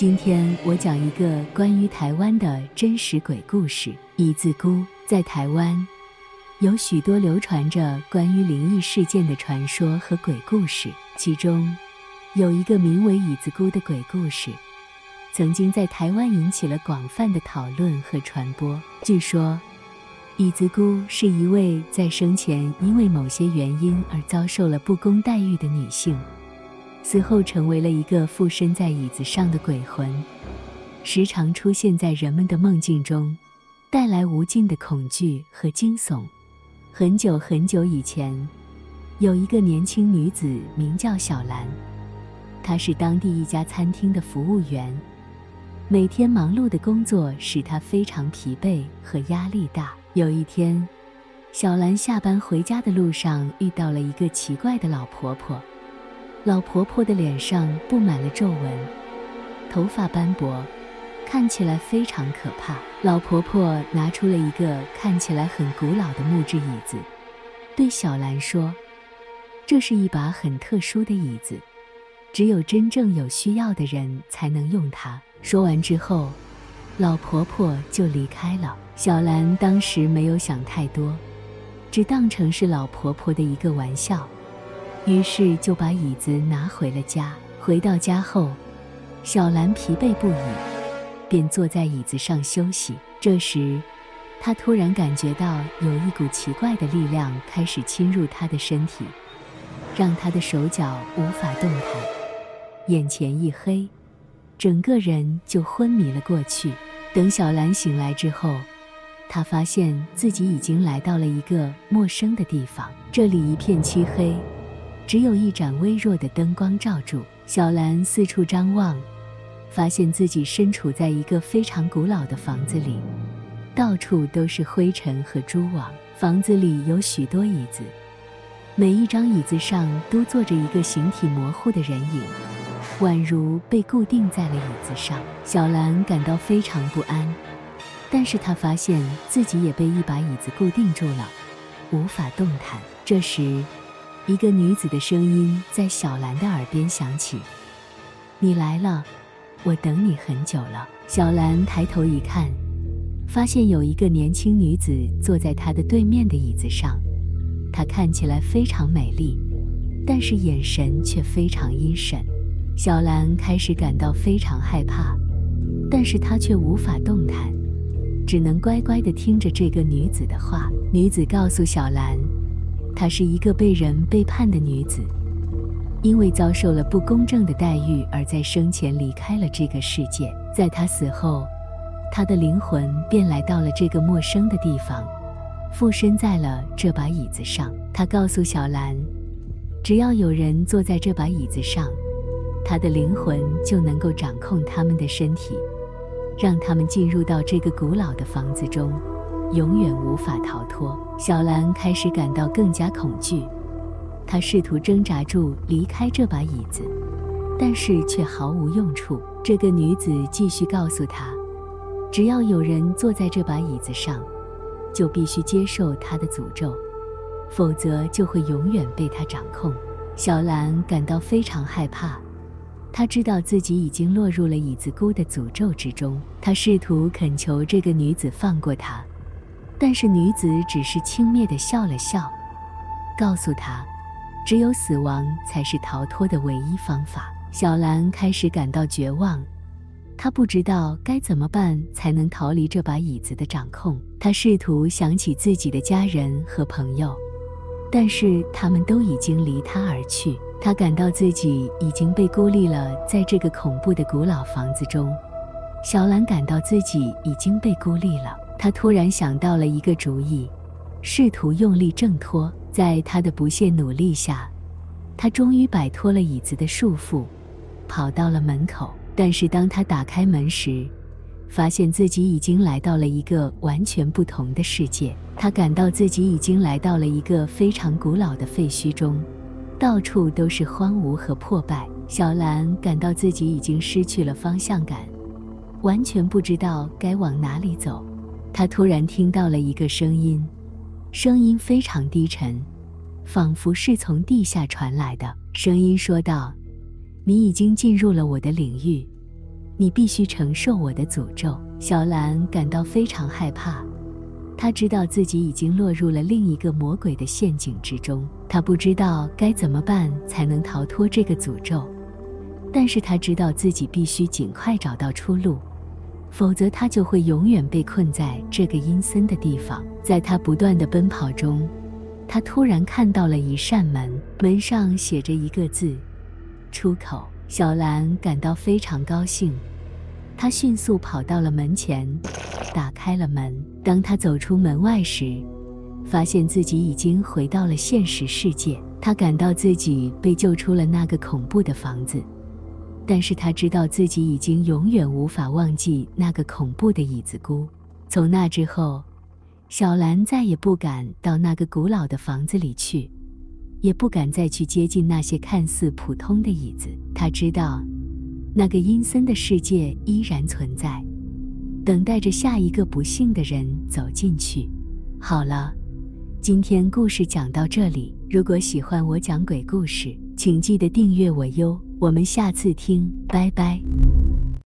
今天我講一個關於台灣的真實鬼故事——椅子姑。在台灣，有許多流傳着關於靈異事件的傳說和鬼故事，其中有一個名為椅子姑的鬼故事，曾經在台灣引起了廣泛的討論和傳播。據說，椅子姑是一位在生前因為某些原因而遭受了不公待遇的女性。此後，成為了一個附身在椅子上的鬼魂，時常出現在人們的夢境中，帶來無盡的恐懼和驚悚。很久很久以前，有一個年輕女子，名叫小蘭，她是當地一家餐廳的服務員，每天忙碌的工作使她非常疲憊和壓力大。有一天，小蘭下班回家的路上遇到了一個奇怪的老婆婆。老婆婆的臉上布滿了皺紋，頭髮斑駁，看起來非常可怕。老婆婆拿出了一個看起來很古老的木質椅子，對小蘭說：“這是一把很特殊的椅子，只有真正有需要的人才能用它。”說完之後，老婆婆就離開了。小蘭當時沒有想太多，只當成是老婆婆的一個玩笑。於是就把椅子拿回了家。回到家後，小蘭疲憊不已，便坐在椅子上休息。這時，她突然感覺到有一股奇怪的力量開始侵入她的身體，讓她的手腳無法動彈，眼前一黑，整個人就昏迷了過去。等小蘭醒來之後，她發現自己已經來到了一個陌生的地方，這裡一片漆黑。只有一盞微弱的燈光照住小蘭，四處張望，發現自己身處在一個非常古老的房子裡，到處都是灰塵和蛛網。房子裡有許多椅子，每一張椅子上都坐着一個形體模糊的人影，宛如被固定在了椅子上。小蘭感到非常不安，但是她發現自己也被一把椅子固定住了，無法動彈。這時，一個女子的聲音在小蘭的耳邊響起：“你來了，我等你很久了。”小蘭抬頭一看，發現有一個年輕女子坐在她的對面的椅子上。她看起來非常美麗，但是眼神卻非常陰沉。小蘭開始感到非常害怕，但是她卻無法動彈，只能乖乖地聽着這個女子的話。女子告訴小蘭。她是一個被人背叛的女子，因為遭受了不公正的待遇，而在生前離開了這個世界。在她死後，她的靈魂便來到了這個陌生的地方，附身在了這把椅子上。她告訴小蘭，只要有人坐在這把椅子上，她的靈魂就能夠掌控他們的身體，讓他們進入到這個古老的房子中。永遠無法逃脫。小蘭開始感到更加恐懼，她試圖掙扎住離開這把椅子，但是卻毫無用處。這個女子繼續告訴她，只要有人坐在這把椅子上，就必須接受她的詛咒，否則就會永遠被她掌控。小蘭感到非常害怕，她知道自己已經落入了椅子姑的詛咒之中。她試圖懇求這個女子放過她。但是女子只是輕蔑地笑了笑，告訴她：“只有死亡才是逃脫的唯一方法。”小蘭開始感到絕望，她不知道該怎麼辦才能逃離這把椅子的掌控。她試圖想起自己的家人和朋友，但是他們都已經離她而去。她感到自己已經被孤立了，在這個恐怖的古老房子中，小蘭感到自己已經被孤立了。他突然想到了一個主意，試圖用力掙脫。在他的不懈努力下，他終於擺脫了椅子的束縛，跑到了門口。但是當他打開門時，發現自己已經來到了一個完全不同的世界。他感到自己已經來到了一個非常古老的廢墟中，到處都是荒蕪和破敗。小蘭感到自己已經失去了方向感，完全不知道該往哪裡走。他突然聽到了一個聲音，聲音非常低沉，仿佛是從地下傳來的。聲音說道：“你已經進入了我的領域，你必須承受我的詛咒。”小蘭感到非常害怕，她知道自己已經落入了另一個魔鬼的陷阱之中。她不知道該怎麼辦才能逃脫這個詛咒，但是她知道自己必須盡快找到出路。否則，她就會永遠被困在這個陰森的地方。在她不斷的奔跑中，她突然看到了一扇門，門上寫着一個字：“出口”。小蘭感到非常高興，她迅速跑到了門前，打開了門。當她走出門外時，發現自己已經回到了現實世界。她感到自己被救出了那個恐怖的房子。但是他知道自己已經永遠無法忘記那個恐怖的椅子姑。從那之後，小蘭再也不敢到那個古老的房子裡去，也不敢再去接近那些看似普通的椅子。他知道，那個陰森的世界依然存在，等待着下一個不幸的人走進去。好了，今天故事講到這裡。如果喜歡我講鬼故事，請記得訂閱我喲。我們下次聽，拜拜。